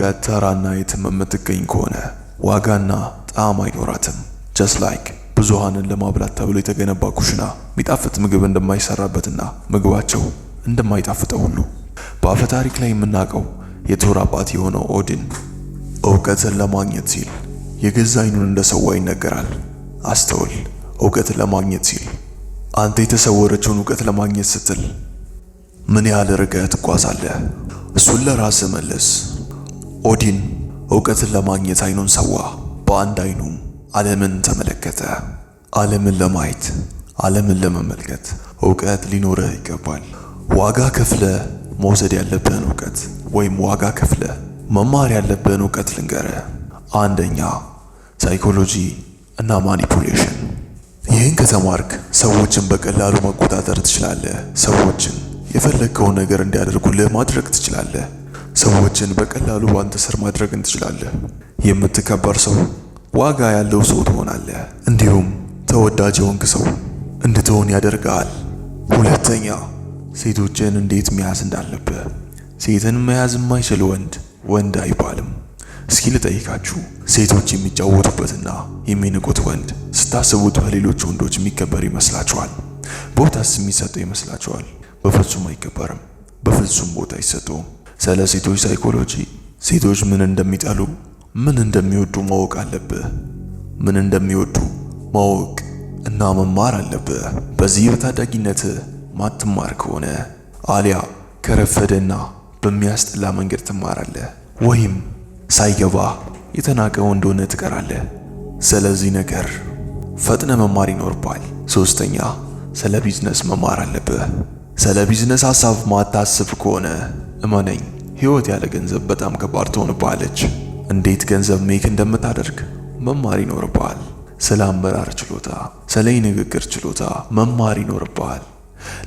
ጋር ተራና የትም የምትገኝ ከሆነ ዋጋና ጣዕም አይኖራትም። ጀስት ላይክ ብዙሃንን ለማብላት ተብሎ የተገነባ ኩሽና የሚጣፍጥ ምግብ እንደማይሰራበትና ምግባቸው እንደማይጣፍጠው ሁሉ በአፈ ታሪክ ላይ የምናውቀው የቶር አባት የሆነው ኦዲን እውቀትን ለማግኘት ሲል የገዛ ዓይኑን እንደሰዋ ይነገራል። አስተውል። እውቀትን ለማግኘት ሲል አንተ የተሰወረችውን እውቀት ለማግኘት ስትል ምን ያህል ርቀህ ትጓዛለህ? እሱን ለራስህ መልስ። ኦዲን እውቀትን ለማግኘት አይኑን ሰዋ። በአንድ አይኑም ዓለምን ተመለከተ። ዓለምን ለማየት፣ ዓለምን ለመመልከት እውቀት ሊኖርህ ይገባል። ዋጋ ከፍለ መውሰድ ያለብህን እውቀት ወይም ዋጋ ከፍለ መማር ያለብህን እውቀት ልንገርህ። አንደኛ ሳይኮሎጂ እና ማኒፑሌሽን። ይህን ከተማርክ ሰዎችን በቀላሉ መቆጣጠር ትችላለህ። ሰዎችን የፈለግከውን ነገር እንዲያደርጉልህ ማድረግ ትችላለህ። ሰዎችን በቀላሉ በአንተ ስር ማድረግን ትችላለህ። የምትከበር ሰው፣ ዋጋ ያለው ሰው ትሆናለህ። እንዲሁም ተወዳጅ የሆንክ ሰው እንድትሆን ያደርግሃል። ሁለተኛ ሴቶችን እንዴት መያዝ እንዳለብህ። ሴትን መያዝ የማይችል ወንድ ወንድ አይባልም። እስኪ ልጠይቃችሁ፣ ሴቶች የሚጫወቱበትና የሚንቁት ወንድ ስታስቡት በሌሎች ወንዶች የሚከበር ይመስላችኋል? ቦታስ የሚሰጠው ይመስላችኋል? በፍጹም አይከበርም። በፍጹም ቦታ አይሰጠውም። ስለ ሴቶች ሳይኮሎጂ፣ ሴቶች ምን እንደሚጠሉ፣ ምን እንደሚወዱ ማወቅ አለብህ። ምን እንደሚወዱ ማወቅ እና መማር አለብህ። በዚህ በታዳጊነትህ ማትማር ከሆነ አሊያ ከረፈደና በሚያስጠላ መንገድ ትማራለህ ወይም ሳይገባ የተናቀው እንደሆነ ትቀራለህ። ስለዚህ ነገር ፈጥነ መማር ይኖርባል። ሶስተኛ ስለ ቢዝነስ መማር አለብህ። ስለ ቢዝነስ ሐሳብ ማታስብ ከሆነ እመነኝ፣ ህይወት ያለ ገንዘብ በጣም ከባድ ትሆንብሃለች። እንዴት ገንዘብ ሜክ እንደምታደርግ መማር ይኖርብሃል። ስለ አመራር ችሎታ፣ ስለ ንግግር ችሎታ መማር ይኖርብሃል።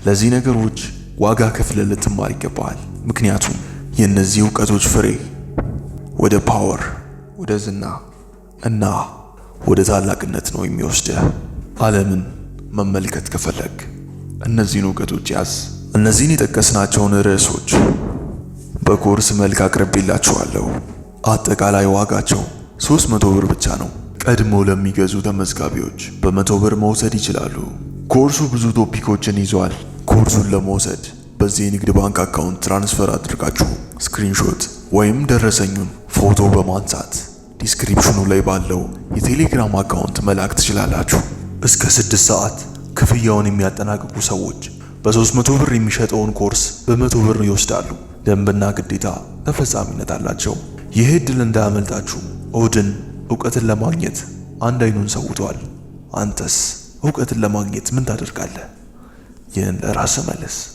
ለዚህ ነገሮች ዋጋ ከፍለ ልትማር ይገባል ምክንያቱም የእነዚህ እውቀቶች ፍሬ ወደ ፓወር፣ ወደ ዝና እና ወደ ታላቅነት ነው የሚወስድህ። ዓለምን መመልከት ከፈለግ እነዚህን እውቀቶች ያዝ። እነዚህን የጠቀስናቸውን ርዕሶች በኮርስ መልክ አቅርቤላችኋለሁ። አጠቃላይ ዋጋቸው 300 ብር ብቻ ነው። ቀድሞ ለሚገዙ ተመዝጋቢዎች በመቶ ብር መውሰድ ይችላሉ። ኮርሱ ብዙ ቶፒኮችን ይዟል። ኮርሱን ለመውሰድ በዚህ የንግድ ባንክ አካውንት ትራንስፈር አድርጋችሁ ስክሪንሾት ወይም ደረሰኙን ፎቶ በማንሳት ዲስክሪፕሽኑ ላይ ባለው የቴሌግራም አካውንት መላክ ትችላላችሁ። እስከ ስድስት ሰዓት ክፍያውን የሚያጠናቅቁ ሰዎች በ300 ብር የሚሸጠውን ኮርስ በመቶ ብር ይወስዳሉ። ደንብና ግዴታ ተፈጻሚነት አላቸው። ይህ እድል እንዳያመልጣችሁ። ኦድን እውቀትን ለማግኘት አንድ አይኑን ሰውቷል። አንተስ እውቀትን ለማግኘት ምን ታደርጋለህ? ይህን ለራስህ መለስ።